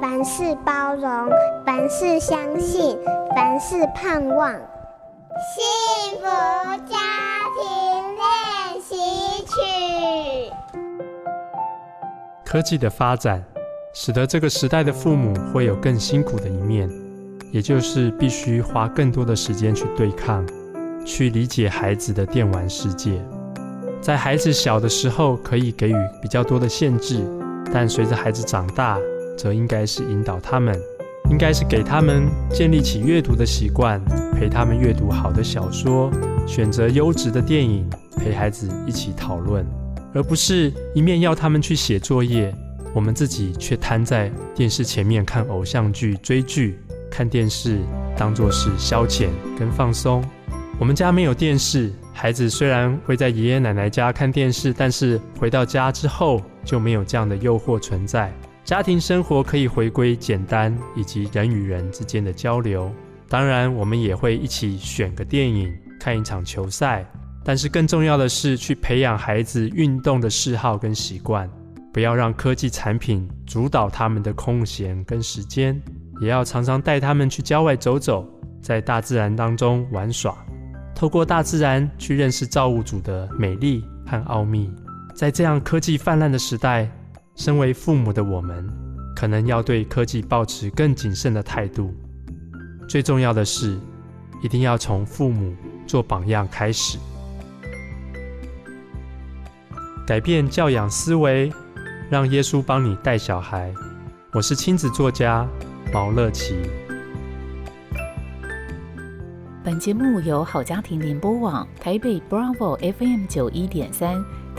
凡事包容，凡事相信，凡事盼望。幸福家庭練習曲。科技的發展，使得這個時代的父母會有更辛苦的一面，也就是必須花更多的時間去對抗，去理解孩子的電玩世界。在孩子小的時候，可以給予比較多的限制，但隨着孩子長大。則應該是引導他們，應該是給他們建立起閱讀的習慣，陪他們閱讀好的小說，選擇優質的電影，陪孩子一起討論，而不是一面要他們去寫作業，我們自己卻癱在電視前面看偶像劇、追劇、看電視，當作是消遣跟放鬆。我們家沒有電視，孩子雖然會在爺爺奶奶家看電視，但是回到家之後就沒有這樣的誘惑存在。家庭生活可以回歸簡單，以及人與人之間的交流。當然，我們也會一起選個電影，看一場球賽。但是，更重要的是去培養孩子運動的嗜好跟習慣，不要讓科技產品主導他們的空閒跟時間。也要常常帶他們去郊外走走，在大自然當中玩耍，透過大自然去認識造物主的美麗和奧秘。在這樣科技氾濫的時代。身為父母的我們，可能要對科技抱持更謹慎的態度。最重要的是，一定要從父母做榜樣開始，改變教養思維，讓耶穌幫你帶小孩。我是親子作家毛樂祈。本節目由好家庭聯播網台北 Bravo FM 九一點三。